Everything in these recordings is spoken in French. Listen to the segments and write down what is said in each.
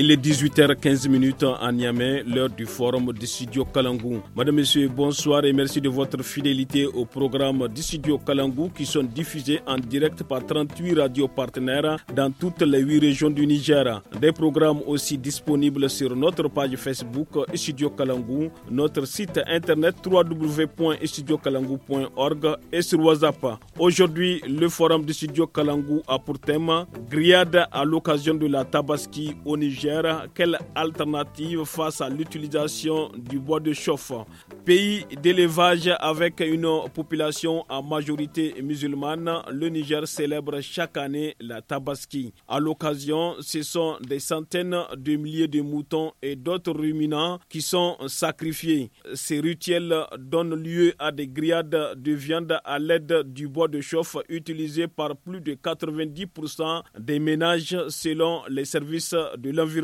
Il est 18h15 à Niamey, l'heure du forum du studio Kalangou. Madame, messieurs, bonsoir et merci de votre fidélité au programme du studio Kalangou qui sont diffusés en direct par 38 radios partenaires dans toutes les 8 régions du Niger. Des programmes aussi disponibles sur notre page Facebook Studio Kalangou, notre site internet www.studiokalangou.org et sur WhatsApp. Aujourd'hui, le forum de studio Kalangou a pour thème Griade à l'occasion de la Tabaski au Niger quelle alternative face à l'utilisation du bois de chauffe Pays d'élevage avec une population à majorité musulmane, le Niger célèbre chaque année la Tabaski. À l'occasion, ce sont des centaines de milliers de moutons et d'autres ruminants qui sont sacrifiés. Ces rituels donnent lieu à des grillades de viande à l'aide du bois de chauffe utilisé par plus de 90% des ménages selon les services de l'environnement.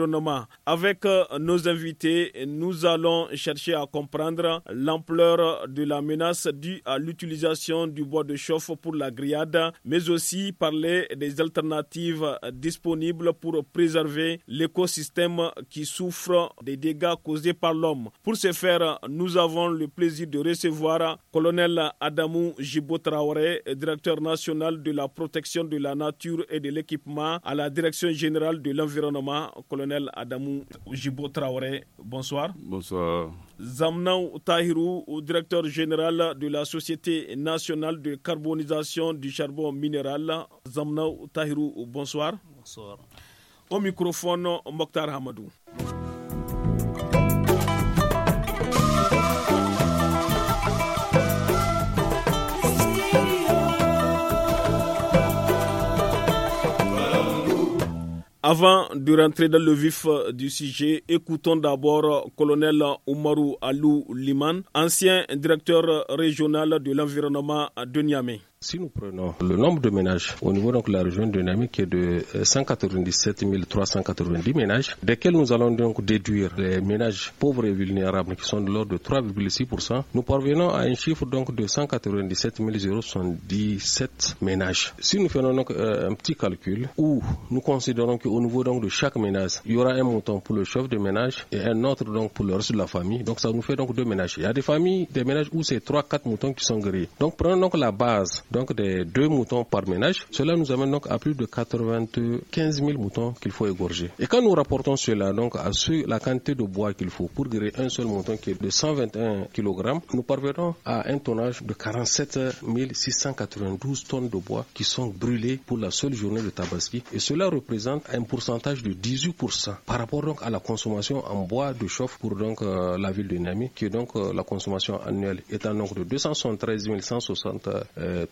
Avec euh, nos invités, nous allons chercher à comprendre l'ampleur de la menace due à l'utilisation du bois de chauffe pour la grillade, mais aussi parler des alternatives disponibles pour préserver l'écosystème qui souffre des dégâts causés par l'homme. Pour ce faire, nous avons le plaisir de recevoir colonel Adamou Gibotraoré, directeur national de la protection de la nature et de l'équipement à la direction générale de l'environnement. Adamou bonsoir. Bonsoir. Zamnaou Tahirou, directeur général de la Société nationale de carbonisation du charbon minéral. Zamnaou Tahirou, bonsoir. Bonsoir. Au microphone, Mokhtar Hamadou. Avant de rentrer dans le vif euh, du sujet, écoutons d'abord euh, colonel Oumarou Alou Liman, ancien directeur euh, régional de l'environnement de Niamey. Si nous prenons le nombre de ménages au niveau donc de la région de qui est de 197 euh, 390 ménages, desquels nous allons donc déduire les ménages pauvres et vulnérables qui sont de l'ordre de 3,6%, nous parvenons à un chiffre donc de 197 077 ménages. Si nous faisons donc euh, un petit calcul où nous considérons qu'au niveau donc de chaque ménage, il y aura un montant pour le chef de ménage et un autre donc pour le reste de la famille, donc ça nous fait donc deux ménages. Il y a des familles, des ménages où c'est 3-4 moutons qui sont grillés. Donc prenons donc la base donc des deux moutons par ménage. Cela nous amène donc à plus de 95 000 moutons qu'il faut égorger. Et quand nous rapportons cela donc à ce, la quantité de bois qu'il faut pour guérir un seul mouton qui est de 121 kg, nous parvenons à un tonnage de 47 692 tonnes de bois qui sont brûlées pour la seule journée de Tabaski. Et cela représente un pourcentage de 18% par rapport donc à la consommation en bois de chauffe pour donc euh, la ville de Nami, qui est donc euh, la consommation annuelle est étant donc de 273 160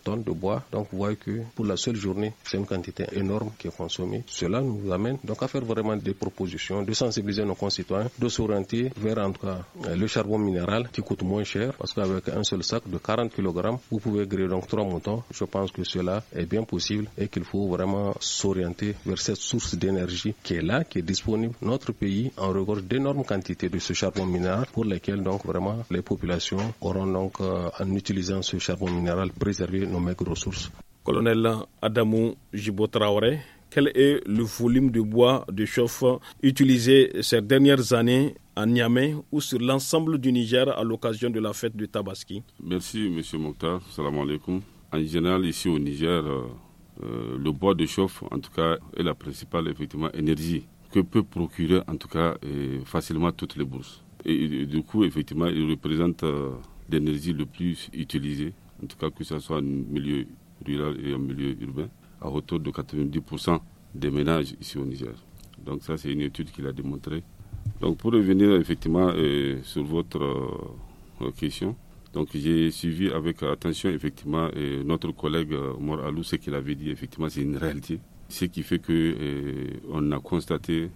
tonnes de bois. Donc vous voyez que pour la seule journée, c'est une quantité énorme qui est consommée. Cela nous amène donc à faire vraiment des propositions, de sensibiliser nos concitoyens, de s'orienter vers en tout cas euh, le charbon minéral qui coûte moins cher parce qu'avec un seul sac de 40 kg, vous pouvez griller donc trois moutons. Je pense que cela est bien possible et qu'il faut vraiment s'orienter vers cette source d'énergie qui est là, qui est disponible. Notre pays en regorge d'énormes quantités de ce charbon minéral pour lesquelles donc vraiment les populations auront donc euh, en utilisant ce charbon minéral préservé nos ressources. Colonel Adamou Jibotraoré, quel est le volume de bois de chauffe utilisé ces dernières années à Niamey ou sur l'ensemble du Niger à l'occasion de la fête de Tabaski Merci, Monsieur Mokhtar. Salam En général, ici au Niger, euh, euh, le bois de chauffe, en tout cas, est la principale effectivement, énergie que peut procurer, en tout cas, euh, facilement toutes les bourses. Et, du coup, effectivement, il représente l'énergie le plus utilisée en tout cas que ce soit en milieu rural et en milieu urbain, à hauteur de 90% des ménages ici au Niger. Donc ça, c'est une étude qu'il a démontré. Donc pour revenir effectivement euh, sur votre euh, question, donc j'ai suivi avec attention effectivement euh, notre collègue Omar Alou, ce qu'il avait dit, effectivement c'est une réalité. Ce qui fait que on a constaté,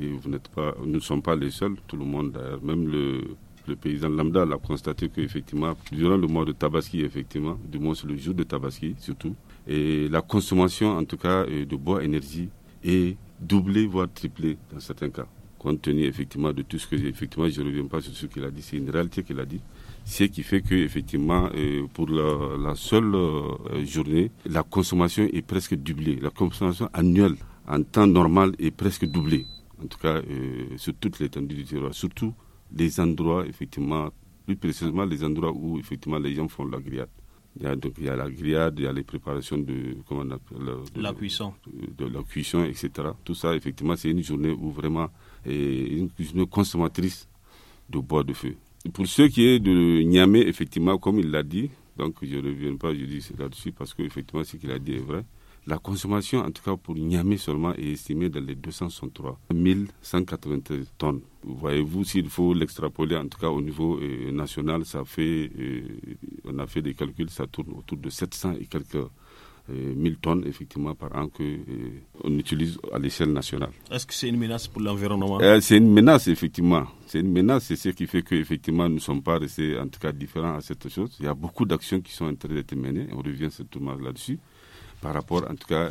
et vous n'êtes pas, nous ne sommes pas les seuls, tout le monde d'ailleurs, même le, le paysan lambda l'a constaté que durant le mois de Tabaski, effectivement, du moins sur le jour de Tabaski surtout, et la consommation en tout cas euh, de bois énergie est doublée, voire triplée dans certains cas. Compte tenu effectivement de tout ce que effectivement, je ne reviens pas sur ce qu'il a dit, c'est une réalité qu'il a dit. Ce qui fait que effectivement, euh, pour la, seule euh, journée, la consommation est presque doublée. La consommation annuelle en temps normal est presque doublée en tout cas sur toute l'étendue du territoire, surtout les endroits, effectivement, plus précisément les endroits où effectivement les gens font la grillade. Il y a, donc, il y a la grillade, il y a les préparations de, comment on appelle, euh, la, cuisson. Euh, de, la cuisson, etc. Tout ça, effectivement, c'est une journée où vraiment, une journée consommatrice de bois de feu. pour ce qui est de Niamey, effectivement, comme il l'a dit, donc je ne reviens pas, je dis là-dessus parce que effectivement ce qu'il a dit est vrai. La consommation, en tout cas pour Niamey seulement, est estimée dans les 263 193 tonnes. Voyez-vous, s'il faut l'extrapoler, en tout cas au niveau euh, national, ça fait, euh, on a fait des calculs, ça tourne autour de 700 et quelques 1000 euh, tonnes effectivement par an que on utilise à l'échelle nationale. Est-ce que c'est une menace pour l'environnement C'est une menace effectivement. C'est une menace, c'est ce qui fait que effectivement nous ne sommes pas restés en tout cas différents à cette chose. Il y a beaucoup d'actions qui sont en train d'être menées. On revient certainement là-dessus par rapport en tout cas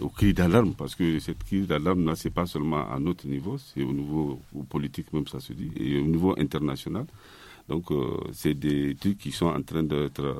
au cri d'alarme, parce que cette crise d'alarme-là, ce pas seulement à notre niveau, c'est au niveau politique même, ça se dit, et au niveau international. Donc, euh, c'est des trucs qui sont en train d'être euh,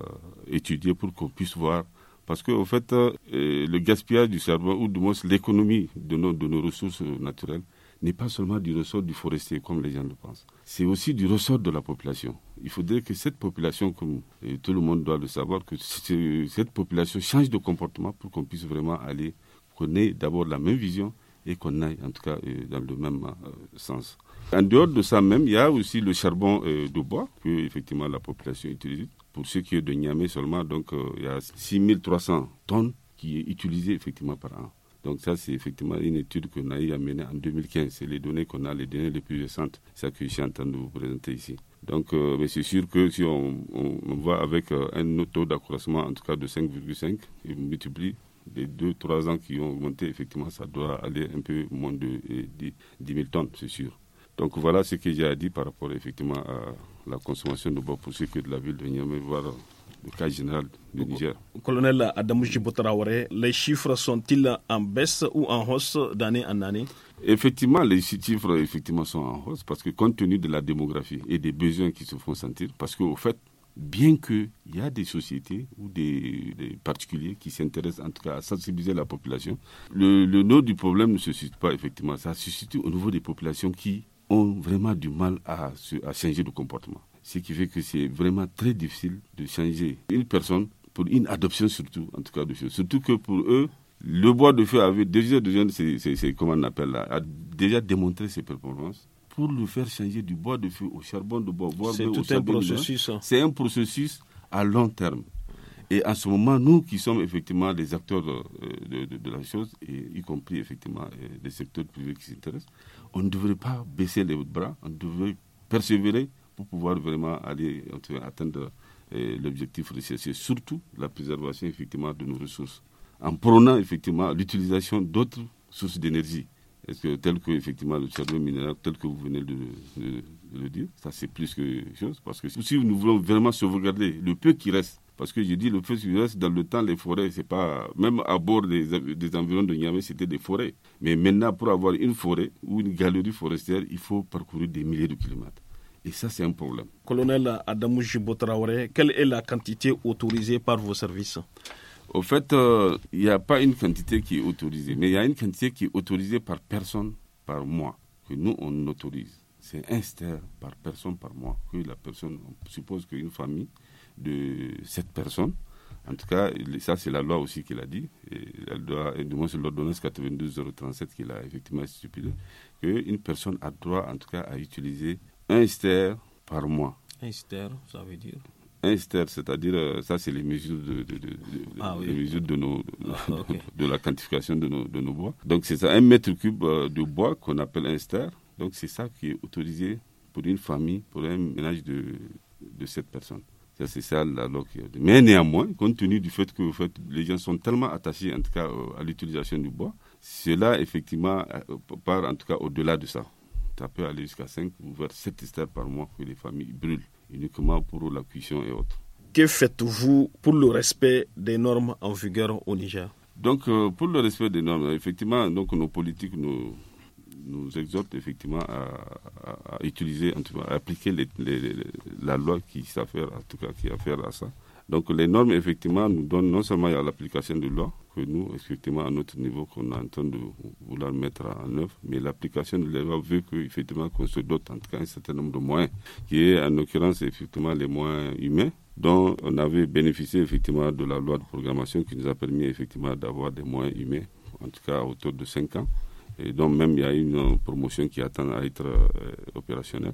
étudiés pour qu'on puisse voir. Parce qu'en fait, euh, le gaspillage du cerveau ou du moins l'économie de nos, de nos ressources naturelles, n'est pas seulement du ressort du forestier, comme les gens le pensent. C'est aussi du ressort de la population il faudrait que cette population, comme tout le monde doit le savoir, que cette population change de comportement pour qu'on puisse vraiment aller, qu'on ait d'abord la même vision et qu'on aille en tout cas euh, dans le même euh, sens. En dehors de ça même, il y a aussi le charbon euh, de bois que effectivement la population utilise. Pour ce qui est de Niamey seulement, donc il y a 6300 tonnes qui est utilisées, effectivement par an. Donc ça, c'est effectivement une étude qu'on a menée en 2015. C'est les données qu'on a, les données les plus récentes, ça que je suis en train de vous présenter ici. Donc, euh, c'est sûr que si on, va avec euh, un taux d'accroissement, en tout cas de 5,5, et multiplie les 2-3 ans qui ont augmenté, effectivement, ça doit aller un peu moins de 10, euh, 000 tonnes, c'est sûr. Donc, voilà ce que j'ai à dire par rapport, effectivement, à la consommation de bois pour ceux que de la ville de Niamey, voir le cas général du Niger. Colonel Adamou les chiffres sont-ils en baisse ou en hausse d'année en année Effectivement, les chiffres effectivement, sont en hausse parce que compte tenu de la démographie et des besoins qui se font sentir, parce qu'au fait, bien qu'il y a des sociétés ou des, particuliers qui s'intéressent en tout cas à sensibiliser la population, le, nœud du problème ne se situe pas effectivement. Ça se situe au niveau des populations qui ont vraiment du mal à changer de comportement ce qui fait que c'est vraiment très difficile de changer une personne pour une adoption surtout, en tout cas de feu. Surtout que pour eux, le bois de feu avait déjà, c'est, comment on appelle là, a déjà démontré ses performances. Pour le faire changer du bois de feu au charbon de bois, bois c'est tout un processus. Hein. C'est un processus à long terme. Et en ce moment, nous qui sommes effectivement les acteurs euh, de, la chose, y compris effectivement les euh, secteurs privés qui s'intéressent, on ne devrait pas baisser les bras, on devrait persévérer pour pouvoir vraiment aller atteindre euh, l'objectif recherché, surtout la préservation effectivement de nos ressources, en prônant effectivement l'utilisation d'autres sources d'énergie. est que tel que effectivement le charbon minéral, tel que vous venez de, le dire, ça c'est plus que chose, parce que si nous voulons vraiment sauvegarder le peu qui reste, parce que je dis le peu qui reste dans le temps, les forêts, c'est pas même à bord des, des environs de Niamey, c'était des forêts. Mais maintenant, pour avoir une forêt ou une galerie forestière, il faut parcourir des milliers de kilomètres. Et ça, c'est un problème. Colonel Adamou Jibotraoré, quelle est la quantité autorisée par vos services Au fait, euh, il n'y a pas une quantité qui est autorisée, mais il y a une quantité qui est autorisée par personne par mois, que nous, on autorise. C'est un stère par personne par mois, que la personne, on suppose qu'une famille de cette personne, en tout cas, ça c'est la loi aussi qui l'a dit, et elle doit, et du moins c'est l'ordonnance 92-037 qui l'a effectivement stipulé, qu'une personne a droit en tout cas à utiliser un ster par mois. Un ster, ça veut dire un ster, c'est-à-dire, euh, ça, c'est les mesures de, de, ah les mesures de, nos, ah, de, la quantification de nos, de nos bois. Donc, c'est ça, un mètre cube euh, de bois qu'on appelle un ster. Donc, c'est ça qui est autorisé pour une famille, pour un ménage de, de cette personnes. Ça, c'est ça la loi. Mais néanmoins, compte tenu du fait que les gens sont tellement attachés, en tout cas, euh, à l'utilisation du bois, cela, effectivement, part, en tout cas, au-delà de ça ça peut aller jusqu'à 5 ou vers 7 stères par mois que les familles brûlent, uniquement pour la cuisson et autres. Que faites-vous pour le respect des normes en vigueur au Niger Donc, euh, pour le respect des normes, effectivement, donc, nos politiques nous, nous exhortent effectivement à, utiliser, en tout cas, appliquer la loi qui s'affaire, en tout cas, qui affaire à ça. Donc, les normes, effectivement, nous donnent non seulement à l'application de loi, nous, effectivement, à notre niveau, qu'on est en train de vouloir mettre en œuvre. Mais l'application de la loi veut effectivement qu'on se dote, en tout cas, un certain nombre de moyens, qui est, en l'occurrence, effectivement, les moyens humains dont on avait bénéficié effectivement de la loi de programmation qui nous a permis effectivement d'avoir des moyens humains, en tout cas autour de 5 ans. Et donc même il y a une promotion qui attend à être euh, opérationnelle.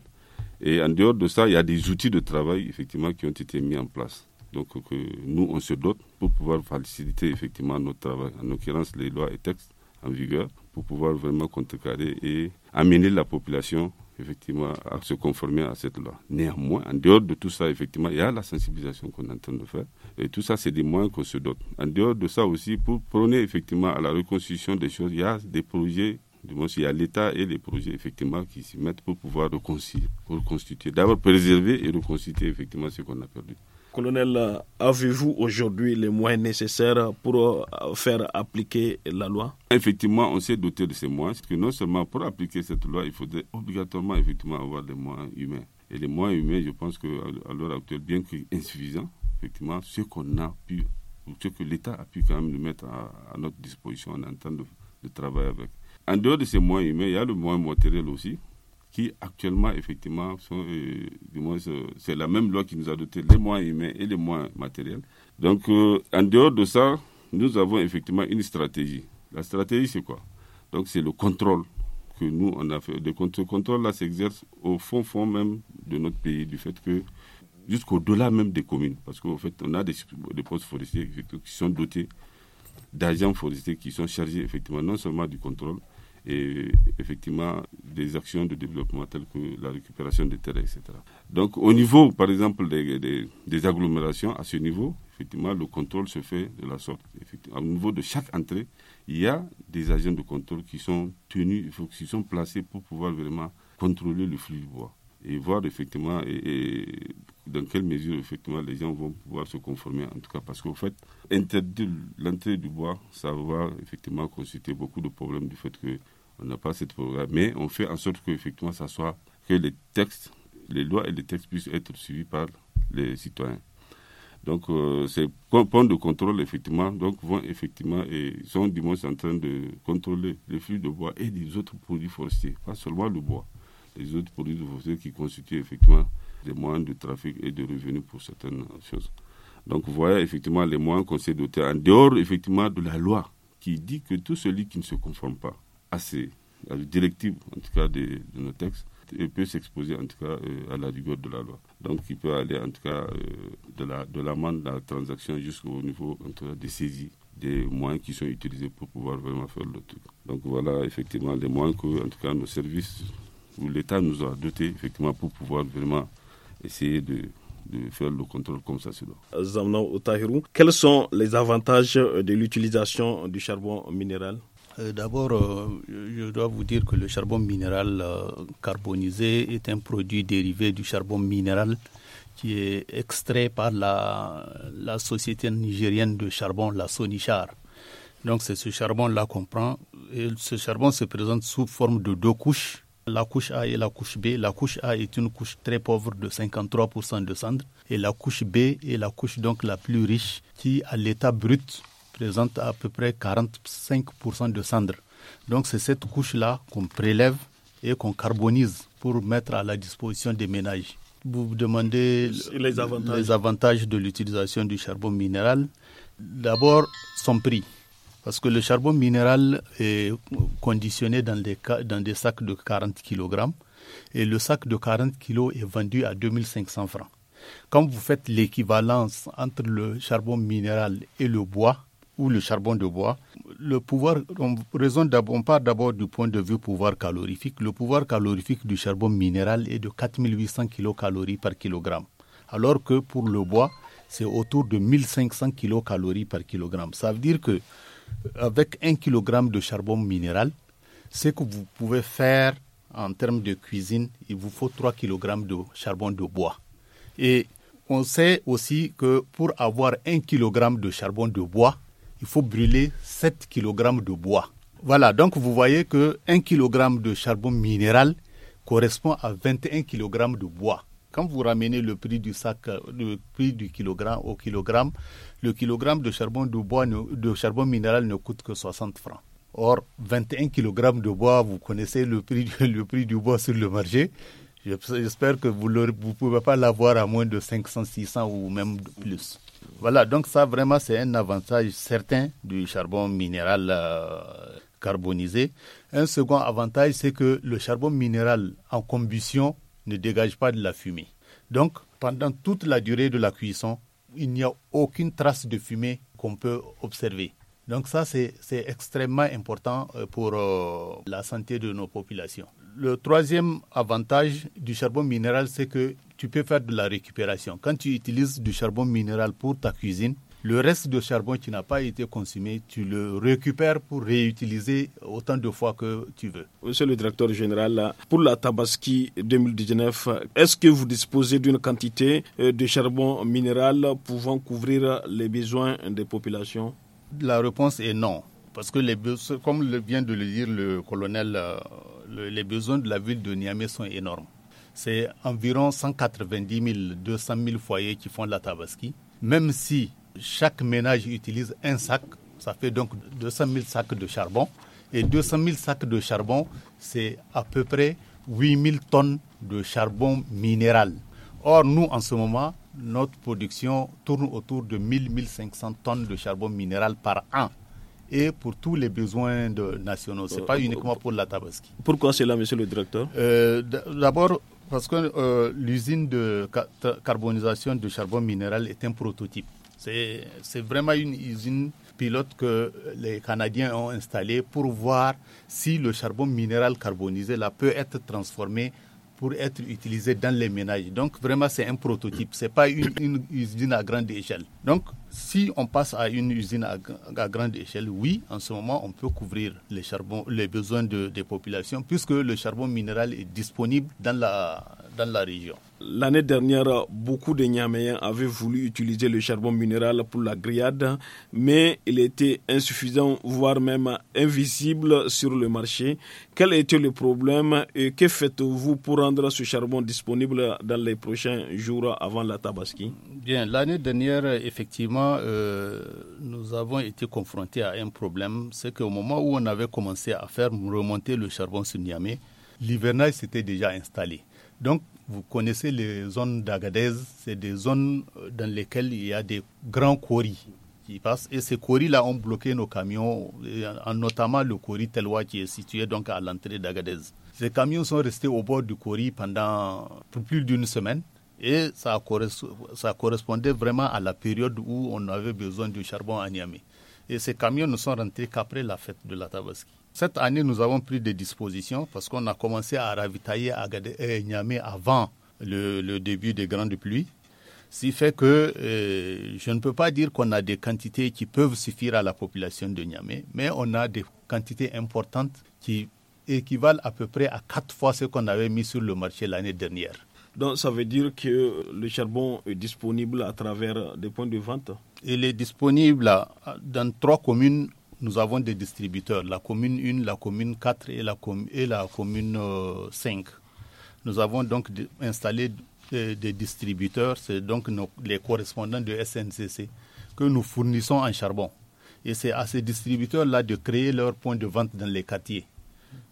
Et en dehors de ça, il y a des outils de travail effectivement qui ont été mis en place donc que nous on se dote pour pouvoir faciliter effectivement notre travail, en l'occurrence les lois et textes en vigueur, pour pouvoir vraiment contrecarrer et amener la population effectivement à se conformer à cette loi. Néanmoins, en dehors de tout ça, effectivement, il y a la sensibilisation qu'on est en train de faire. Et tout ça, c'est des moyens qu'on se dote. En dehors de ça aussi, pour prôner effectivement à la reconstitution des choses, il y a des projets du moins, il y a l'État et les projets effectivement qui s'y mettent pour pouvoir reconstituer, reconstituer. D'abord, préserver et reconstituer effectivement ce qu'on a perdu. Colonel, avez-vous aujourd'hui les moyens nécessaires pour euh, faire appliquer la loi Effectivement, on s'est doté de ces moyens, parce que non seulement pour appliquer cette loi, il faudrait obligatoirement effectivement avoir des moyens humains. Et les moyens humains, je pense qu'à l'heure actuelle, bien qu'insuffisants, effectivement, ce qu'on a pu, ce que l'État a pu quand même nous mettre à, notre disposition, en train de, de travailler avec. En dehors de ces moyens humains, il y a le moyen matériel aussi, qui actuellement, effectivement, sont, euh, du moins, c'est la même loi qui nous a doté les moyens humains et les moyens matériels. Donc, euh, en dehors de ça, nous avons effectivement une stratégie. La stratégie, c'est quoi Donc, c'est le contrôle que nous, on a fait. Ce contrôle, là, s'exerce au fond, fond même de notre pays, du fait que jusqu'au-delà même des communes, parce qu'en fait, on a des, des postes forestiers qui sont dotés d'agents forestiers qui sont chargés, effectivement, non seulement du contrôle, et effectivement des actions de développement telles que la récupération des terres, etc. Donc au niveau, par exemple, des, des, agglomérations, à ce niveau, effectivement, le contrôle se fait de la sorte. au niveau de chaque entrée, il y a des agents de contrôle qui sont tenus, qui sont placés pour pouvoir vraiment contrôler le flux du bois et voir effectivement et, dans quelle mesure effectivement les gens vont pouvoir se conformer en tout cas parce qu'au fait interdire l'entrée du bois ça va effectivement constituer beaucoup de problèmes du fait que on n'a pas cette programme, mais on fait en sorte que effectivement ça soit que les textes, les lois et les textes puissent être suivis par les citoyens. Donc c'est euh, ces points de contrôle effectivement donc vont effectivement et sont du moins en train de contrôler les flux de bois et des autres produits forestiers, pas seulement le bois, les autres produits forestiers qui constituent effectivement des moyens de trafic et de revenus pour certaines choses. Donc voyez, effectivement les moyens qu'on s'est dotés en dehors effectivement de la loi qui dit que tout celui qui ne se conforme pas assez, euh, directive en tout cas de, nos textes, et peut s'exposer en tout cas euh, à la rigueur de la loi. Donc il peut aller en tout cas euh, de la de l'amende la transaction jusqu'au niveau en des saisies des moyens qui sont utilisés pour pouvoir vraiment faire le truc. Donc voilà effectivement les moyens que en tout cas nos services ou l'État nous a dotés effectivement pour pouvoir vraiment essayer de faire le contrôle comme ça se doit. quels sont les avantages de l'utilisation du charbon minéral euh, d'abord, euh, je dois vous dire que le charbon minéral euh, carbonisé est un produit dérivé du charbon minéral qui est extrait par la, société nigérienne de charbon, la Sonichar. Donc c'est ce charbon-là qu'on prend. Et ce charbon se présente sous forme de deux couches, la couche A et la couche B. La couche A est une couche très pauvre de 53% de cendres et la couche B est la couche donc la plus riche qui, à l'état brut, présente à peu près 45% de cendres. Donc c'est cette couche-là qu'on prélève et qu'on carbonise pour mettre à la disposition des ménages. Vous vous demandez les avantages, de l'utilisation du charbon minéral. D'abord, son prix. Parce que le charbon minéral est conditionné dans des, dans des sacs de 40 kg. Et le sac de 40 kg est vendu à 2500 francs. Quand vous faites l'équivalence entre le charbon minéral et le bois, ou le charbon de bois. Le pouvoir, on, part d'abord du point de vue pouvoir calorifique. Le pouvoir calorifique du charbon minéral est de 4800 kcal par kilogramme, alors que pour le bois, c'est autour de 1500 kcal par kilogramme. Ça veut dire que avec 1 kg de charbon minéral, ce que vous pouvez faire en termes de cuisine, il vous faut 3 kg de charbon de bois. Et on sait aussi que pour avoir 1 kg de charbon de bois, il faut brûler 7 kg de bois. Voilà, donc vous voyez que 1 kg de charbon minéral correspond à 21 kg de bois. Quand vous ramenez le prix du sac, euh, le prix du kilogramme au kilogramme, le kilogramme de charbon de bois, de charbon minéral ne coûte que 60 francs. Or, 21 kg de bois, vous connaissez le le prix du bois sur le marché, J'espère que vous ne pouvez pas l'avoir à moins de 500, 600 ou même plus. Voilà, donc ça vraiment c'est un avantage certain du charbon minéral euh, carbonisé. Un second avantage, c'est que le charbon minéral en combustion ne dégage pas de la fumée. Donc, pendant toute la durée de la cuisson, il n'y a aucune trace de fumée qu'on peut observer. Donc ça, c'est extrêmement important euh, pour euh, la santé de nos populations le troisième avantage du charbon minéral, c'est que tu peux faire de la récupération. Quand tu utilises du charbon minéral pour ta cuisine, le reste de charbon qui n'a pas été consommé, tu le récupères pour réutiliser autant de fois que tu veux. Monsieur le directeur général, pour la Tabaski 2019, est-ce que vous disposez d'une quantité euh, de charbon minéral pouvant couvrir les besoins des populations La réponse est non. Parce que comme le vient de le dire le colonel, euh, les besoins de la ville de Niamey sont énormes. C'est environ 190 000, 200 000 foyers qui font de la tabaski. Même si chaque ménage utilise un sac, ça fait donc 200 000 sacs de charbon. Et 200 000 sacs de charbon, c'est à peu près 8 000 tonnes de charbon minéral. Or, nous, en ce moment, notre production tourne autour de 1 1500 tonnes de charbon minéral par an et pour tous les besoins de nationaux. Ce n'est pas euh, uniquement pour la Tabaski. Pourquoi cela, monsieur le directeur euh, D'abord, parce que euh, l'usine de carbonisation de charbon minéral est un prototype. C'est vraiment une usine pilote que les Canadiens ont installée pour voir si le charbon minéral carbonisé là, peut être transformé pour être utilisé dans les ménages. Donc vraiment, c'est un prototype, ce n'est pas une, usine à grande échelle. Donc si on passe à une usine à, grande échelle, oui, en ce moment, on peut couvrir les, charbons, les besoins de, des populations puisque le charbon minéral est disponible dans la, dans la région. L'année dernière, beaucoup de Niameyens avaient voulu utiliser le charbon minéral pour la grillade, mais il était insuffisant, voire même invisible sur le marché. Quel était le problème et que faites-vous pour rendre ce charbon disponible dans les prochains jours avant la Tabaski Bien, l'année dernière, effectivement, euh, nous avons été confrontés à un problème. C'est qu'au moment où on avait commencé à faire remonter le charbon sur Niamey, l'hivernage s'était déjà installé. Donc, vous connaissez les zones d'Agadez, c'est des zones euh, dans lesquelles il y a des grands quarries qui passent. Et ces quarries-là ont bloqué nos camions, notamment le quarry Telwa qui est situé donc à l'entrée d'Agadez. Ces camions sont restés au bord du quarry pendant plus d'une semaine. Et ça, correspondait vraiment à la période où on avait besoin du charbon à Niamey. Et ces camions ne sont rentrés qu'après la fête de la Tabaski. Cette année, nous avons pris des dispositions parce qu'on a commencé à ravitailler Agadez et euh, Niamey avant le, début des grandes pluies. Ce qui fait que euh, je ne peux pas dire qu'on a des quantités qui peuvent suffire à la population de Niamey, mais on a des quantités importantes qui équivalent à peu près à quatre fois ce qu'on avait mis sur le marché l'année dernière. Donc ça veut dire que le charbon est disponible à travers des points de vente Il est disponible dans trois communes nous avons des distributeurs, la commune 1, la commune 4 et la, et la commune 5. Euh, nous avons donc installé euh, des, distributeurs, c'est donc nos, les correspondants de SNCC, que nous fournissons en charbon. Et c'est à ces distributeurs-là de créer leur point de vente dans les quartiers.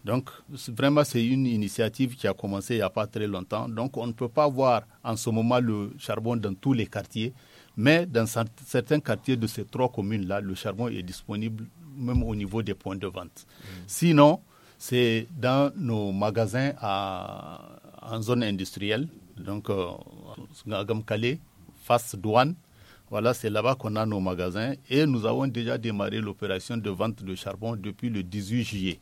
Donc, vraiment, c'est une initiative qui a commencé il n'y a pas très longtemps. Donc, on ne peut pas voir en ce moment le charbon dans tous les quartiers, mais dans certains quartiers de ces trois communes-là, le charbon est disponible même au niveau des points de vente. Mmh. Sinon, c'est dans nos magasins à, en zone industrielle, donc euh, Ngagam Calais, face douane. Voilà, c'est là-bas qu'on a nos magasins et nous avons déjà démarré l'opération de vente de charbon depuis le 18 juillet.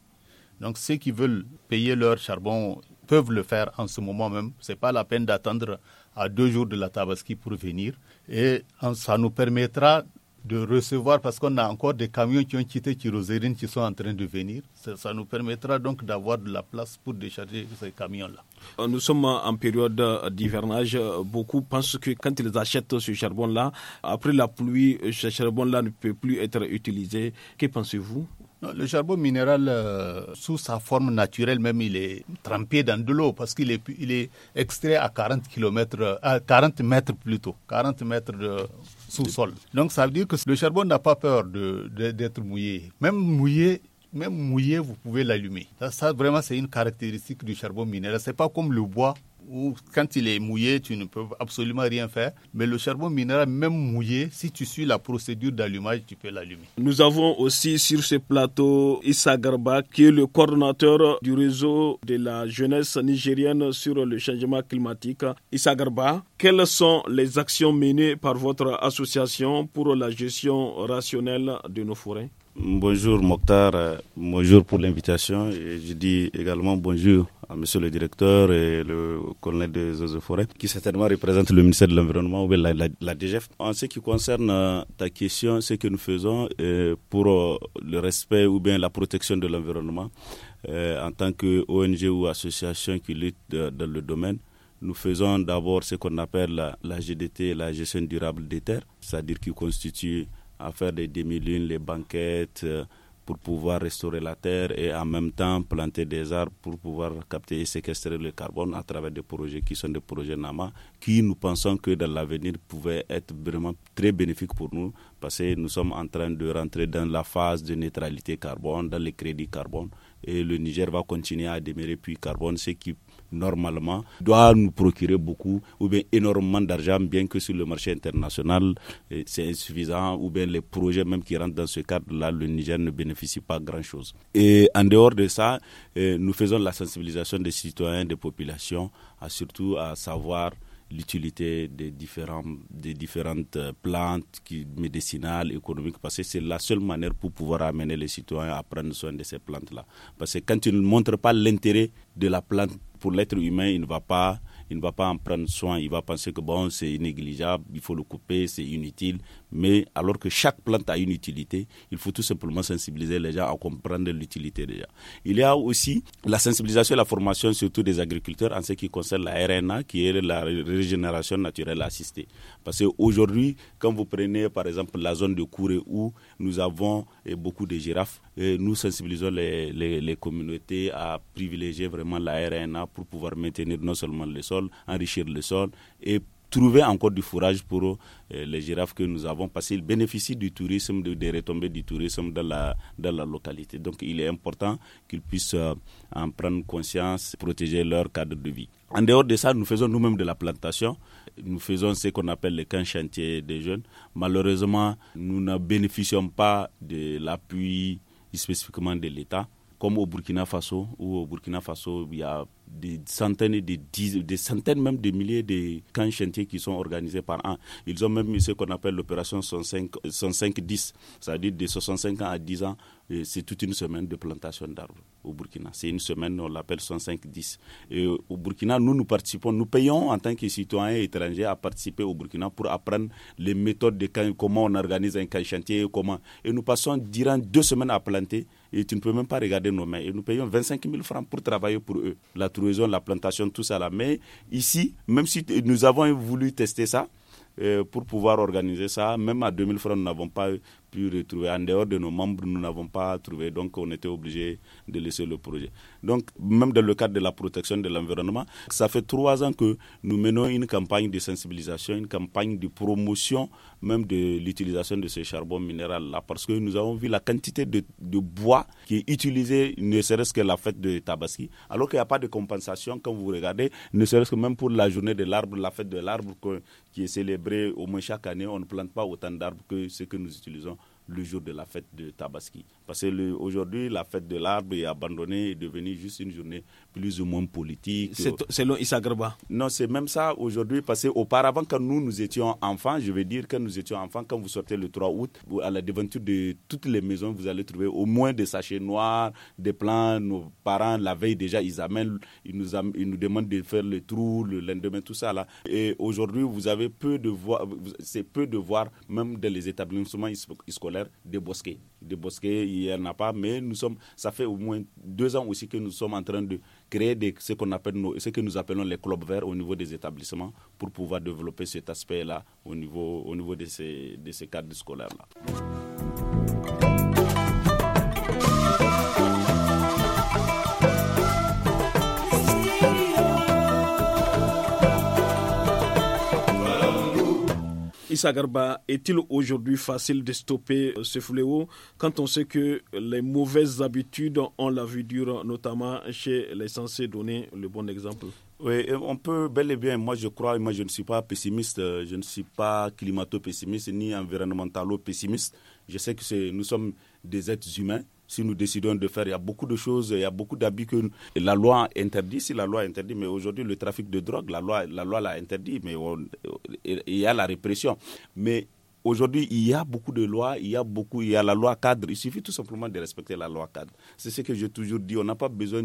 Donc ceux qui veulent payer leur charbon peuvent le faire en ce moment même. Ce n'est pas la peine d'attendre à deux jours de la Tabaski pour venir. Et ça nous permettra de recevoir, parce qu'on a encore des camions qui ont quitté Kirozérine qui sont en train de venir. Ça, ça nous permettra donc d'avoir de la place pour décharger ces camions-là. Euh, nous sommes en période d'hivernage. Beaucoup pensent que quand ils achètent ce charbon-là, après la pluie, ce charbon-là ne peut plus être utilisé. Que pensez-vous le charbon minéral, euh, sous sa forme naturelle même, il est trempé dans de l'eau parce qu'il est, il est extrait à 40 km, euh, à 40 mètres plutôt, 40 mètres de euh, sous-sol. Donc ça veut dire que le charbon n'a pas peur d'être mouillé. Même mouillé, même mouillé, vous pouvez l'allumer. Ça, ça, vraiment, c'est une caractéristique du charbon minéral. C'est pas comme le bois où quand il est mouillé, tu ne peux absolument rien faire. Mais le charbon minéral, même mouillé, si tu suis la procédure d'allumage, tu peux l'allumer. Nous avons aussi sur ce plateau Issa Garba, qui est le coordonnateur du réseau de la jeunesse nigérienne sur le changement climatique. Issa Garba, quelles sont les actions menées par votre association pour la gestion rationnelle de nos forêts Bonjour Mokhtar, euh, bonjour pour l'invitation. et Je dis également bonjour à monsieur le directeur et le colonel des eaux forêts qui certainement représente le ministère de l'Environnement ou la, la, DGF. En ce qui concerne euh, ta question, ce que nous faisons euh, pour le respect ou bien la protection de l'environnement en tant que ONG ou association qui lutte dans le domaine, nous faisons d'abord ce qu'on appelle la, GDT, la gestion durable des terres, c'est-à-dire qui constitue à faire des demi-lunes, les banquettes, euh, pour pouvoir restaurer la terre et en même temps planter des arbres pour pouvoir capter et séquestrer le carbone à travers des projets qui sont des projets NAMA, qui nous pensons que dans l'avenir pouvaient être vraiment très bénéfiques pour nous parce que nous sommes en train de rentrer dans la phase de neutralité carbone, dans les crédits carbone et le Niger va continuer à demeurer puis carbone, ce qui normalement, doit nous procurer beaucoup ou bien énormément d'argent, bien que sur le marché international, c'est insuffisant, ou bien les projets même qui rentrent dans ce cadre-là, le Niger ne bénéficie pas grand-chose. Et en dehors de ça, eh, nous faisons la sensibilisation des citoyens, des populations, à surtout à savoir l'utilité des, des différentes euh, plantes qui, médicinales, économiques, parce que c'est la seule manière pour pouvoir amener les citoyens à prendre soin de ces plantes-là. Parce que quand tu ne montres pas l'intérêt de la plante pour l'être humain, il ne va pas il ne va pas en prendre soin. Il va penser que bon, c'est négligeable, il faut le couper, c'est inutile. Mais alors que chaque plante a une utilité, il faut tout simplement sensibiliser les gens à comprendre l'utilité déjà. Il y a aussi la sensibilisation et la formation, surtout des agriculteurs, en ce qui concerne la RNA, qui est la régénération naturelle assistée. Parce qu'aujourd'hui, quand vous prenez par exemple la zone de Kouré où nous avons eh, beaucoup de girafes, eh, nous sensibilisons les, les communautés à privilégier vraiment la RNA pour pouvoir maintenir non seulement le sol, enrichir le sol et trouver encore du fourrage pour euh, les girafes que nous avons parce qu'ils bénéficient du tourisme, des retombées du tourisme dans la, la localité. Donc il est important qu'ils puissent euh, en prendre conscience, protéger leur cadre de vie. En dehors de ça, nous faisons nous-mêmes de la plantation. Nous faisons ce qu'on appelle les camps chantiers des jeunes. Malheureusement, nous ne bénéficions pas de l'appui spécifiquement de l'État comme au Burkina Faso, où au Burkina Faso, il y a des centaines, des, des centaines même de milliers de camps chantiers qui sont organisés par an. Ils ont même mis ce qu'on appelle l'opération 105-10, c'est-à-dire de 65 ans à 10 ans, c'est toute une semaine de plantation d'arbres au Burkina. C'est une semaine, on l'appelle 105-10. Et au Burkina, nous, nous participons, nous payons en tant que citoyens étrangers à participer au Burkina pour apprendre les méthodes de comment on organise un camp chantier, comment. Et nous passons durant deux semaines à planter et tu ne peux même pas regarder nos mains. Et nous payons 25 000 francs pour travailler pour eux. La trouaison, la plantation, tout ça là. Mais ici, même si nous avons voulu tester ça, euh, pour pouvoir organiser ça, même à 2 000 francs, nous n'avons pas pu retrouver. En dehors de nos membres, nous n'avons pas trouvé, donc on était obligé de laisser le projet. Donc, même dans le cadre de la protection de l'environnement, ça fait trois ans que nous menons une campagne de sensibilisation, une campagne de promotion même de l'utilisation de ce charbon minéral-là, parce que nous avons vu la quantité de, de bois qui est utilisé, ne serait-ce que la fête de Tabaski, alors qu'il n'y a pas de compensation quand vous regardez, ne serait-ce que même pour la journée de l'arbre, la fête de l'arbre qui est célébrée au moins chaque année, on ne plante pas autant d'arbres que ce que nous utilisons le jour de la fête de Tabaski. Parce que aujourd'hui, la fête de l'arbre est abandonnée et devenue juste une journée plus ou moins politique. c'est Selon Issa Non, c'est même ça aujourd'hui. Parce qu'auparavant, quand nous, nous étions enfants, je veux dire, quand nous étions enfants, quand vous sortez le 3 août, à la devanture de toutes les maisons, vous allez trouver au moins des sachets noirs, des plans. Nos parents, la veille déjà, ils amènent, ils nous, ils nous demandent de faire le trou, le lendemain, tout ça là. Et aujourd'hui, vous avez peu de voir, c'est peu de voir, même dans les établissements scolaires bosquets. Des bosquets, il n'y en a pas, mais nous sommes, ça fait au moins deux ans aussi que nous sommes en train de créer des, ce, qu'on appelle ce que nous appelons les clubs verts au niveau des établissements pour pouvoir développer cet aspect-là au niveau, au niveau de ces, de ces cadres scolaires-là. Issa Garba, est-il aujourd'hui facile de stopper euh, ce fléau quand on sait que les mauvaises habitudes ont la vie dure, notamment chez les censés donner le bon exemple oui, on peut bel et bien, moi je crois, moi je ne suis pas pessimiste, euh, je ne suis pas climato-pessimiste ni environnementalo-pessimiste. Je sais que nous sommes des êtres humains si nous décidons de faire. Il y a beaucoup de choses, il y a beaucoup d'habits que la loi interdit, si la loi interdit, mais aujourd'hui le trafic de drogue, la loi la loi l'a interdit, mais il y a la répression. Mais aujourd'hui, il y a beaucoup de lois, il y a beaucoup, il y a la loi cadre. Il suffit tout simplement de respecter la loi cadre. C'est ce que j'ai toujours dit. On n'a pas besoin,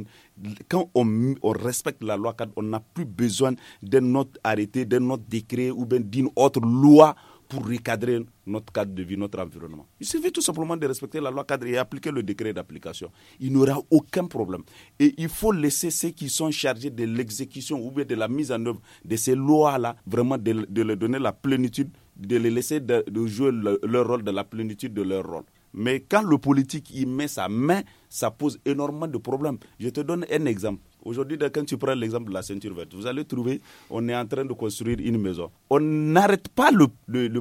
quand on, respecte la loi cadre, on n'a plus besoin d'un autre arrêté, d'un autre décret ou d'une autre loi pour recadrer notre cadre de vie, notre environnement. Il suffit tout simplement de respecter la loi cadre et appliquer le décret d'application. Il n'y aura aucun problème. Et il faut laisser ceux qui sont chargés de l'exécution ou bien de la mise en œuvre de ces lois-là, vraiment de, les leur donner la plénitude, de les laisser jouer leur rôle, de la plénitude de leur rôle. Mais quand le politique y met sa main, ça pose énormément de problèmes. Je te donne un exemple. Aujourd'hui, quand tu prends l'exemple de la ceinture verte, vous allez trouver, on est en train de construire une maison. On n'arrête pas le,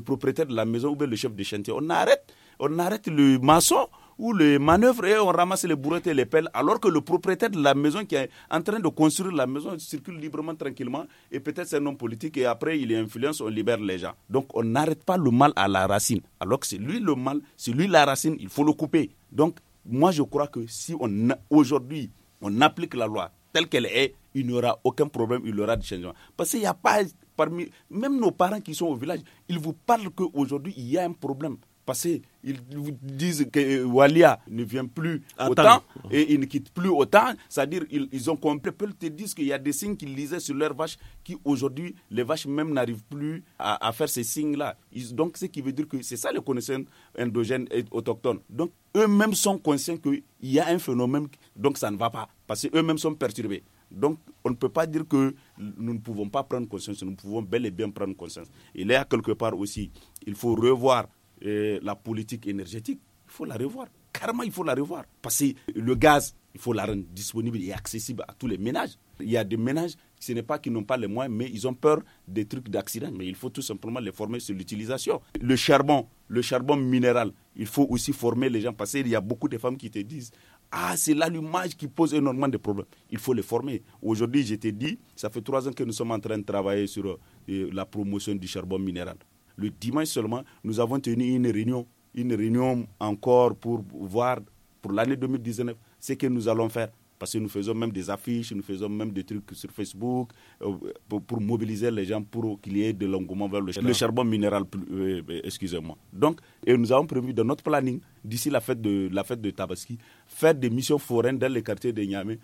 propriétaire de la maison ou bien le chef de chantier. On arrête, on arrête le maçon ou le manœuvre et on ramasse les bourrettes et les pelles, alors que le propriétaire de la maison qui est en train de construire la maison circule librement, tranquillement, et peut-être c'est un homme politique, et après il est influence, on libère les gens. Donc on n'arrête pas le mal à la racine, alors que c'est lui le mal, c'est lui la racine, il faut le couper. Donc moi je crois que si on aujourd'hui on applique la loi telle qu'elle est, il n'y aura aucun problème, il y aura du changement. Parce qu'il n'y a pas, parmi, même nos parents qui sont au village, ils vous parlent qu'aujourd'hui, il y a un problème. Parce qu'ils vous disent que euh, Walia ne vient plus autant et il ne quitte plus autant. C'est-à-dire ils, ont compris. Peu te disent qu'il y a des signes qu'ils lisaient sur leurs vaches qui aujourd'hui, les vaches même n'arrivent plus à, faire ces signes-là. Donc, ce qui veut dire que c'est ça le connaissances endogènes et autochtone Donc, eux-mêmes sont conscients qu'il y a un phénomène, donc ça ne va pas. Parce qu'eux-mêmes sont perturbés. Donc, on ne peut pas dire que nous ne pouvons pas prendre conscience, nous pouvons bel et bien prendre conscience. Il y a quelque part aussi, il faut revoir la politique énergétique, il faut la revoir. Carrément, il faut la revoir. Parce que le gaz, il faut la rendre disponible et accessible à tous les ménages. Il y a des ménages, ce n'est pas qu'ils n'ont pas les moyens, mais ils ont peur des trucs d'accident. Mais il faut tout simplement les former sur l'utilisation. Le charbon, le charbon minéral, il faut aussi former les gens. Parce qu'il y a beaucoup de femmes qui te disent ah, c'est l'allumage qui pose énormément de problèmes. Il faut les former. Aujourd'hui, je te dit, ça fait trois ans que nous sommes en train de travailler sur euh, la promotion du charbon minéral. Le dimanche seulement, nous avons tenu une réunion, une réunion encore pour voir pour l'année 2019 ce que nous allons faire. Parce que nous faisons même des affiches, nous faisons même des trucs sur Facebook euh, pour, mobiliser les gens pour qu'il y ait de l'engouement vers le, charbon minéral, euh, euh, excusez-moi. Donc, et nous avons prévu dans notre planning, d'ici la fête de la fête de Tabaski, faire des missions foraines dans les quartiers de Niamey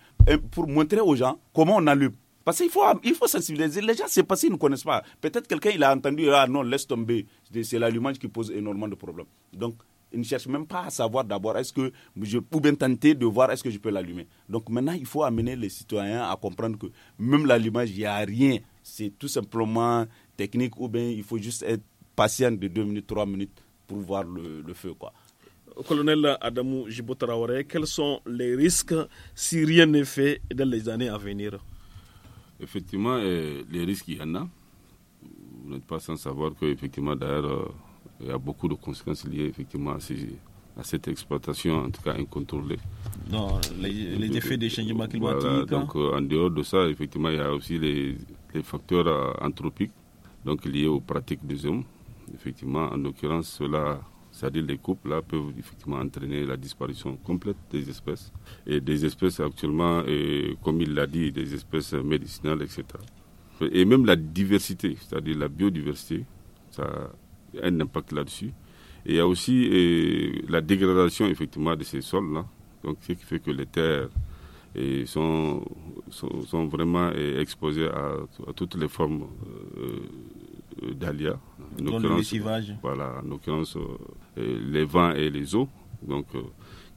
pour montrer aux gens comment on allume parce qu'il faut, il faut sensibiliser. Les gens, c'est parce ils ne connaissent pas. Peut-être quelqu'un, il a entendu, ah non, laisse tomber. C'est l'allumage qui pose énormément de problèmes. Donc, ils ne cherchent même pas à savoir d'abord, est-ce que je peux bien tenter de voir, est-ce que je peux l'allumer. Donc, maintenant, il faut amener les citoyens à comprendre que même l'allumage, il n'y a rien. C'est tout simplement technique ou bien il faut juste être patient de 2 minutes, 3 minutes pour voir le, feu, quoi. Colonel Adamou Jibotraoré, quels sont les risques si rien n'est fait dans les années à venir Effectivement, euh, les risques, il y en a. Vous n'êtes pas sans savoir qu'effectivement, d'ailleurs, euh, il y a beaucoup de conséquences liées effectivement à, cette exploitation, en tout cas incontrôlée. Non, les, effets des changements climatiques. Hein. donc, euh, en dehors de ça, effectivement, il y a aussi les, les facteurs anthropiques, donc liés aux pratiques des hommes. Effectivement, en l'occurrence, cela c'est-à-dire les coupes là peuvent effectivement entraîner la disparition complète des espèces et des espèces actuellement, comme il l'a dit, des espèces médicinales, etc. Et même la diversité, c'est-à-dire la biodiversité, ça a un impact là-dessus. Et il y a aussi la dégradation effectivement de ces sols-là, donc ce qui fait que les terres sont, sont, vraiment exposées à, toutes les formes euh, euh dans le euh, lessivage. Voilà, en l'occurrence, euh, euh, les vents et les eaux. Donc,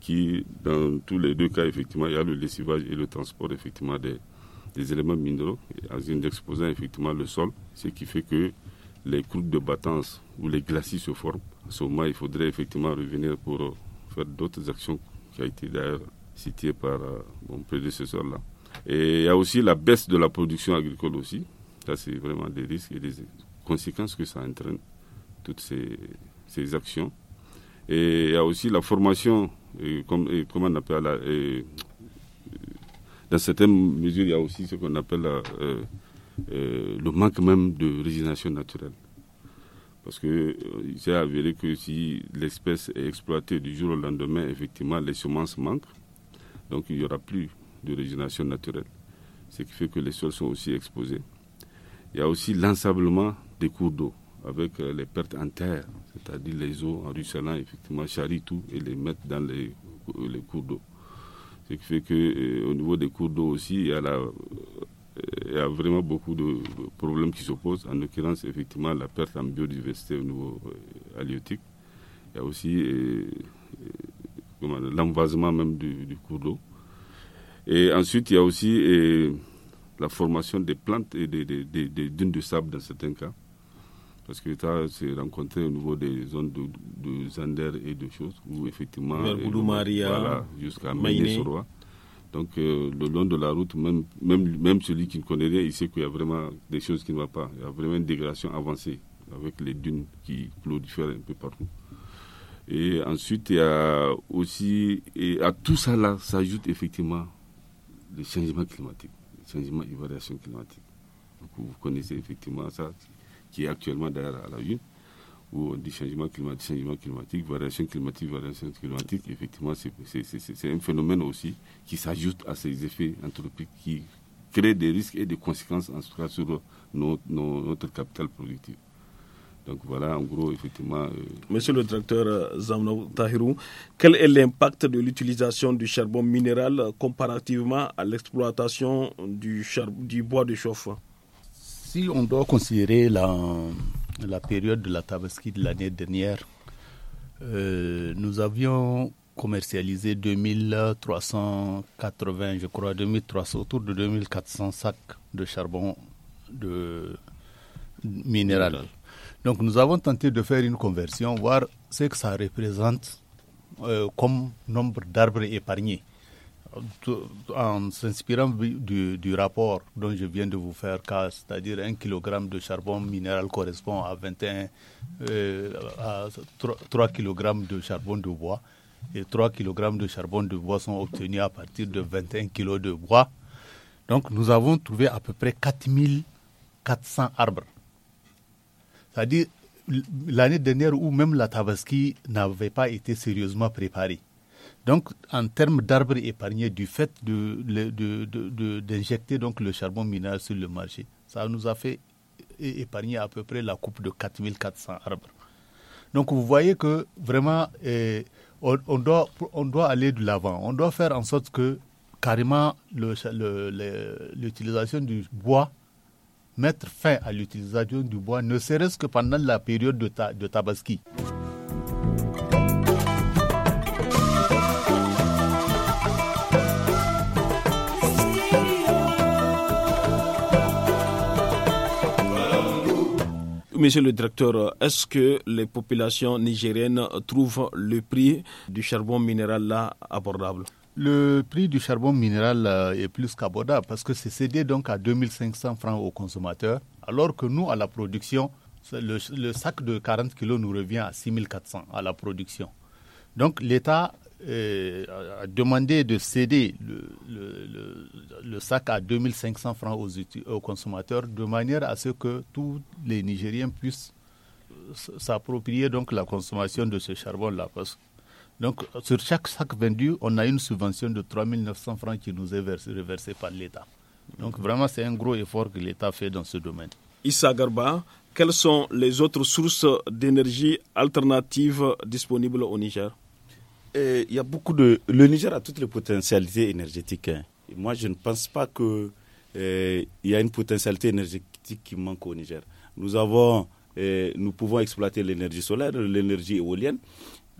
qui, dans tous les deux cas, effectivement, il y a le lessivage et le transport, effectivement, des, éléments minéraux, en exposant, effectivement, le sol, ce qui fait que les croûtes de battance ou les glacis se forment. À ce il faudrait effectivement revenir pour faire d'autres actions qui a été d'ailleurs cité par mon prédécesseur là. Et il y a aussi la baisse de la production agricole aussi. Ça, c'est vraiment des risques et des conséquences que ça entraîne, toutes ces, actions. Et il y a aussi la formation, comme, comment on appelle la, euh, dans certaines mesures, il y a aussi ce qu'on appelle euh, euh, le manque même de régénération naturelle. Parce que c'est avéré que si l'espèce est exploitée du jour au lendemain, effectivement, les semences manquent. Donc il n'y aura plus de régénération naturelle. Ce qui fait que les sols sont aussi exposés. Il y a aussi l'ensablement des cours d'eau, avec euh, les pertes en terre, c'est-à-dire les eaux en ruisselant, effectivement, charrient tout et les mettent dans les, euh, les cours d'eau. Ce qui fait qu'au euh, niveau des cours d'eau aussi, il y a la il y a vraiment beaucoup de problèmes qui s'opposent, en l'occurrence effectivement la perte en biodiversité au niveau halieutique. Il y a aussi l'envasement même du, cours d'eau. Et ensuite, il y a aussi la formation des plantes et des dunes de sable dans certains cas parce que l'État s'est rencontré au niveau des zones de, Zander et de choses, où effectivement, voilà, jusqu'à mainé Donc, euh, le long de la route, même, même, même celui qui ne connaît rien, il sait qu'il y a vraiment des choses qui ne vont pas. Il y a vraiment une dégradation avancée, avec les dunes qui prolifèrent un peu partout. Et ensuite, il y a aussi, et à tout ça là, s'ajoute effectivement le changement climatique, le changement, et variation climatique. Donc, vous connaissez effectivement ça, qui est actuellement derrière à la une, où on dit changement climatique, changement climatique, variation climatique, variation climatique. Effectivement, c'est un phénomène aussi qui s'ajoute à ces effets anthropiques qui créent des risques et des conséquences en tout cas sur notre, capital productif. Donc voilà, en gros, effectivement. Euh, Monsieur le directeur euh, Zamno Tahirou, quel est l'impact de l'utilisation du charbon minéral comparativement à l'exploitation du, du bois de chauffe si on doit considérer la, la période de la Tabaski de l'année dernière, euh, nous avions commercialisé 2380, je crois, 2300, autour de 2400 sacs de charbon de minéral. Donc nous avons tenté de faire une conversion, voir ce que ça représente euh, comme nombre d'arbres épargnés en s'inspirant du, rapport dont je viens de vous faire cas, c'est-à-dire un kilogramme de charbon minéral correspond à 21, 3, kg de charbon de bois. Et 3 kg de charbon de bois sont obtenus à partir de 21 kg de bois. Donc nous avons trouvé à peu près 4400 arbres. C'est-à-dire l'année dernière où même la Tabaski n'avait pas été sérieusement préparée. Donc, en termes d'arbres épargnés du fait d'injecter de, donc le charbon minéral sur le marché, ça nous a fait épargner à peu près la coupe de 4400 arbres. Donc, vous voyez que vraiment, eh, on, doit, on doit aller de l'avant. On doit faire en sorte que carrément l'utilisation du bois, mettre fin à l'utilisation du bois, ne serait-ce que pendant la période de, de Tabaski. Monsieur le directeur, est-ce que les populations nigériennes trouvent le prix du charbon minéral là abordable le prix du charbon minéral euh, est plus qu'abordable parce que c'est cédé donc à 2500 francs aux consommateurs, alors que nous, à la production, le, sac de 40 kg nous revient à 6400 à la production. Donc l'État euh, a demandé de céder le, sac à 2500 francs aux, consommateurs de manière à ce que tous les Nigériens puissent euh, s'approprier donc la consommation de ce charbon-là. Donc sur chaque sac vendu, on a une subvention de 3900 francs qui nous est versée, reversée par l'État. Donc mhm. vraiment, c'est un gros effort que l'État fait dans ce domaine. Issa Garba, quelles sont les autres sources d'énergie alternatives disponibles au Niger il eh, y a beaucoup de. Le Niger a toutes les potentialités énergétiques. Hein. Moi, je ne pense pas que il eh, y a une potentialité énergétique qui manque au Niger. Nous avons, eh, nous pouvons exploiter l'énergie solaire, l'énergie éolienne,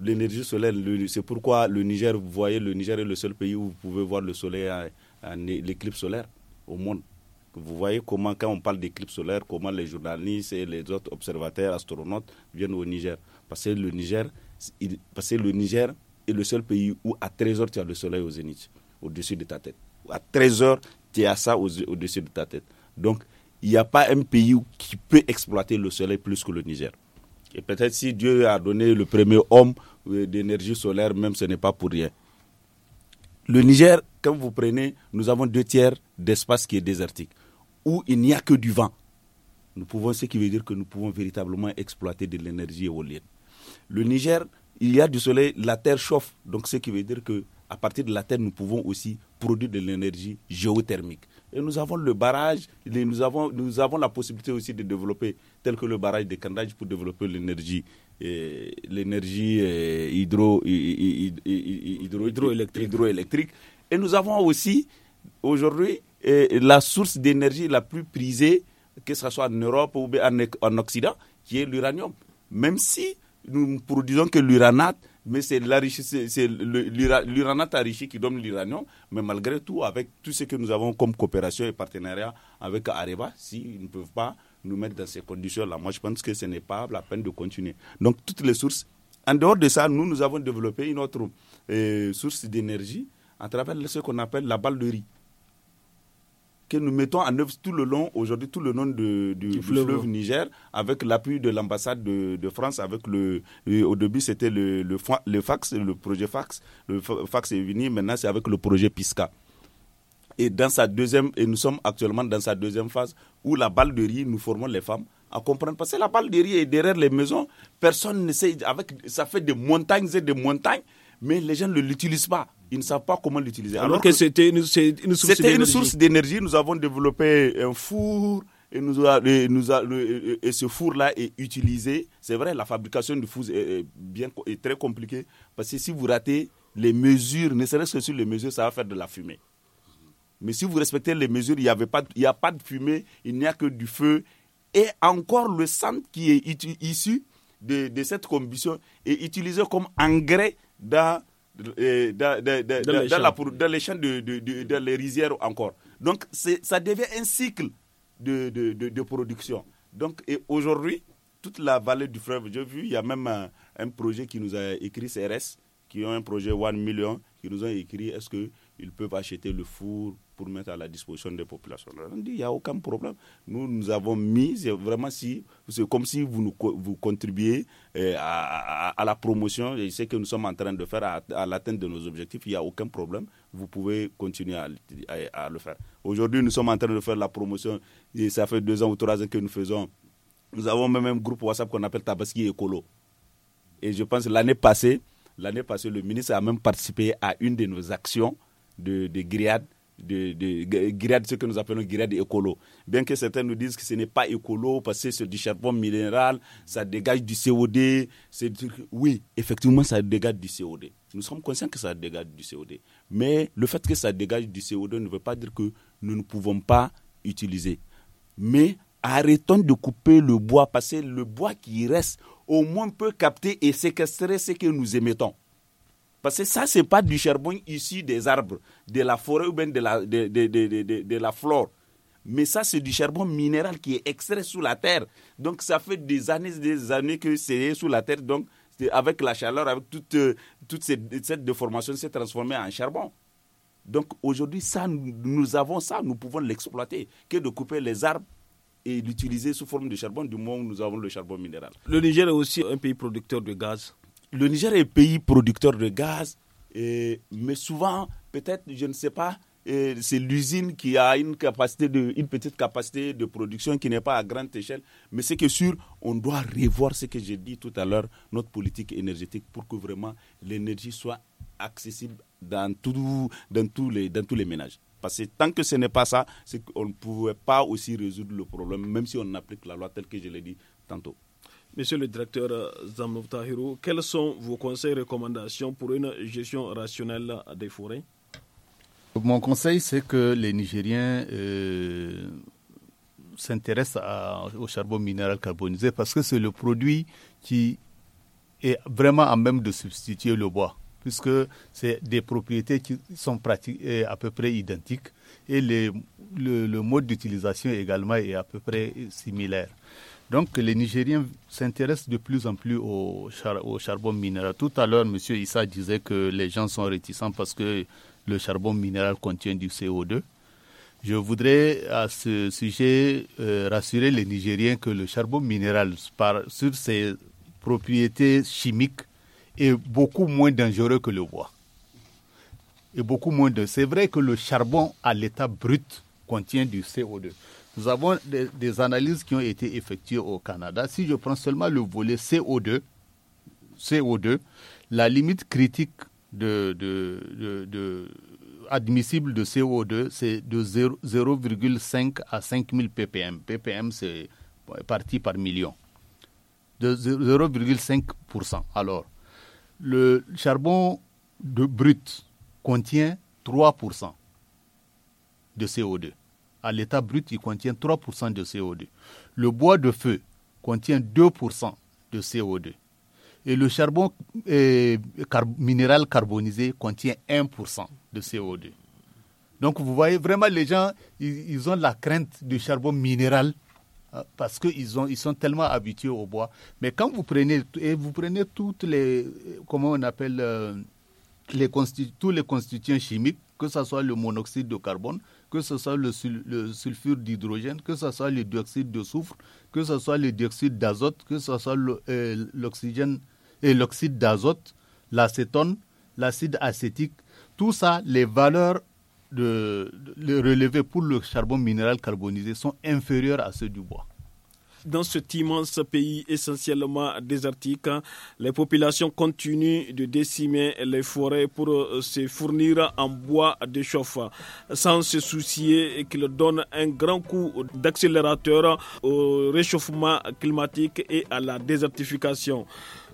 l'énergie solaire. C'est pourquoi le Niger, vous voyez, le Niger est le seul pays où vous pouvez voir le soleil, l'éclipse solaire au monde. Vous voyez comment, quand on parle d'éclipse solaire, comment les journalistes et les autres observateurs, astronautes viennent au Niger. Parce que le Niger, il, parce que le Niger est le seul pays où à 13 h tu as le soleil au zénith, au-dessus de ta tête. À 13 h tu as ça au-dessus de ta tête. Donc, il n'y a pas un pays qui peut exploiter le soleil plus que le Niger. Et peut-être si Dieu a donné le premier homme euh, d'énergie solaire, même ce n'est pas pour rien. Le Niger, quand vous prenez, nous avons deux tiers d'espace qui est désertique, où il n'y a que du vent. Nous pouvons, ce qui veut dire que nous pouvons véritablement exploiter de l'énergie éolienne. Le Niger, il y a du soleil, la terre chauffe. Donc ce qui veut dire que à partir de la terre, nous pouvons aussi produire de l'énergie géothermique. Et nous avons le barrage, nous, avons, nous avons la possibilité aussi de développer, tel que le barrage de Candage, pour développer l'énergie euh, l'énergie euh, hydro, hydro, hydroélectrique. hydroélectrique. Et nous avons aussi aujourd'hui euh, la source d'énergie la plus prisée, que ce soit en Europe ou en Occident, qui est l'uranium. Même si nous ne produisons que l'uranate, mais c'est l'uranate enrichi qui donne l'uranium. Mais malgré tout, avec tout ce que nous avons comme coopération et partenariat avec Areva, s'ils ne peuvent pas nous mettre dans ces conditions-là, moi je pense que ce n'est pas la peine de continuer. Donc toutes les sources. En dehors de ça, nous, nous avons développé une autre euh, source d'énergie à travers ce qu'on appelle la balle de riz que nous mettons en œuvre tout le long, aujourd'hui, tout le long de, du, fleuve. Niger, avec l'appui de l'ambassade de, France, avec le, euh, au début, c'était le, le, fax, le projet fax. Le fax est venu, maintenant, c'est avec le projet PISCA. Et dans sa deuxième, et nous sommes actuellement dans sa deuxième phase où la balle de riz, nous formons les femmes à comprendre. Parce que la balle de riz est derrière les maisons. Personne ne sait, avec, ça fait des montagnes et des montagnes, mais les gens ne l'utilisent pas ils ne savent pas comment l'utiliser. Alors, que, c'était une, source d'énergie. source d'énergie. Nous avons développé un four et, nous nous et ce four-là est utilisé. C'est vrai, la fabrication du four est, bien, très compliquée parce que si vous ratez les mesures, ne serait-ce que sur les mesures, ça va faire de la fumée. Mais si vous respectez les mesures, il n'y avait pas, il a pas de fumée, il n'y a que du feu et encore le sang qui est issu de, de cette combustion est utilisé comme engrais dans dans, les champs, les, de, les rizières encore. Donc, ça devient un cycle de, production. Donc, et aujourd'hui, toute la vallée du fleuve, j'ai vu, il y a même euh, un, projet qui nous a écrit CRS, qui ont un projet One million, qui nous ont écrit est-ce qu'ils peuvent acheter le four pour mettre à la disposition des populations. il n'y a aucun problème. Nous, nous avons mis, c'est vraiment si, c'est comme si vous, nous, vous contribuez euh, à, la promotion et ce que nous sommes en train de faire à, l'atteinte de nos objectifs. Il n'y a aucun problème. Vous pouvez continuer à, le faire. Aujourd'hui, nous sommes en train de faire la promotion. Et ça fait deux ans ou trois ans que nous faisons. Nous avons même un groupe WhatsApp qu'on appelle Tabaski Écolo. Et je pense l'année passée, l'année passée, le ministre a même participé à une de nos actions de, de grillade de, ce que nous appelons grade écolo. Bien que certains nous disent que ce n'est pas écolo parce que c'est du charbon minéral, ça dégage du COD. c'est Oui, effectivement, ça dégage du CO2 Nous sommes conscients que ça dégage du CO2 Mais le fait que ça dégage du CO2 ne veut pas dire que nous ne pouvons pas utiliser. Mais arrêtons de couper le bois parce que le bois qui reste au moins peut capter et séquestrer ce que nous émettons. Parce que ça, ce n'est pas du charbon issu des arbres, de la forêt ou bien de la, de, de, de, de la flore. Mais ça, c'est du charbon minéral qui est extrait sous la terre. Donc, ça fait des années des années que c'est sous la terre. Donc, avec la chaleur, avec toute, euh, toute cette, cette déformation, s'est transformé en charbon. Donc, aujourd'hui, ça, nous avons ça, nous pouvons l'exploiter, que de couper les arbres et l'utiliser sous forme de charbon du moment où nous avons le charbon minéral. Le Niger est aussi un pays producteur de gaz le Niger est pays producteur de gaz, et, mais souvent, peut-être, je ne sais pas, c'est l'usine qui a une, capacité de, petite capacité de production qui n'est pas à grande échelle. Mais c'est que sûr, on doit revoir ce que j'ai dit tout à l'heure, notre politique énergétique, pour que vraiment l'énergie soit accessible dans, tous les, dans tous les ménages. Parce que tant que ce n'est pas ça, on ne pouvait pas aussi résoudre le problème, même si on applique la loi telle que je l'ai dit tantôt. Monsieur le directeur euh, Zamov Tahirou, quels sont vos conseils et recommandations pour une gestion rationnelle des forêts Mon conseil, c'est que les Nigériens euh, s'intéressent au charbon minéral carbonisé parce que c'est le produit qui est vraiment à même de substituer le bois, puisque c'est des propriétés qui sont euh, à peu près identiques et le, le mode d'utilisation également est à peu près similaire. Donc les Nigériens s'intéressent de plus en plus au, charbon minéral. Tout à l'heure, M. Issa disait que les gens sont réticents parce que le charbon minéral contient du CO2. Je voudrais à ce sujet euh, rassurer les Nigériens que le charbon minéral, sur ses propriétés chimiques, est beaucoup moins dangereux que le bois. Et beaucoup moins de. C'est vrai que le charbon à l'état brut contient du CO2. Nous avons des, analyses qui ont été effectuées au Canada. Si je prends seulement le volet CO2, CO2 la limite critique admissible de CO2, c'est de 0,5 à 5000 ppm. ppm, c'est parti par million. De 0,5%. Alors, le charbon de brut contient 3% de CO2 à l'état brut, il contient 3% de CO2. Le bois de feu contient 2% de CO2. Et le charbon minéral carbonisé contient 1% de CO2. Donc vous voyez vraiment les gens, ils, ont la crainte du charbon minéral hein, parce qu'ils sont tellement habitués au bois. Mais quand vous prenez, et vous prenez toutes les, comment on appelle, euh, tous les constituants chimiques, que ce soit le monoxyde de carbone, que ce soit le, sulfure d'hydrogène, que ce soit le dioxyde de soufre, que ce soit le dioxyde d'azote, que ce soit euh, l'oxygène et euh, l'oxyde d'azote, l'acétone, l'acide acétique, tout ça, les valeurs relevées pour le charbon minéral carbonisé sont inférieures à ceux du bois dans cet immense pays essentiellement désertique, les populations continuent de décimer les forêts pour euh, se fournir en bois de chauffe, sans se soucier qu'il donne un grand coup d'accélérateur au réchauffement climatique et à la désertification.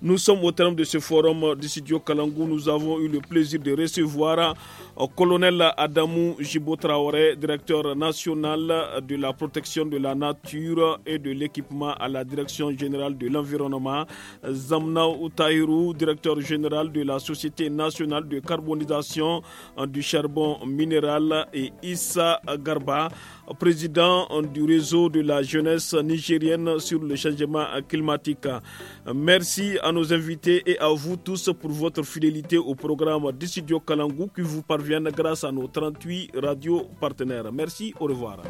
Nous sommes au terme de ce forum du studio Kalangou. Nous avons eu le plaisir de recevoir euh, colonel Adamou Jibotraoré, directeur national de la protection de la nature et de l'équipement à la direction générale de l'environnement, Zamna Outahiru, directeur général de la Société nationale de carbonisation euh, du charbon minéral et Issa Garba, président du réseau de la jeunesse nigérienne sur le changement climatique. Merci à nos invités et à vous tous pour votre fidélité au programme Dissidio Kalangu qui vous parvient grâce à nos 38 radios partenaires. Merci, au revoir.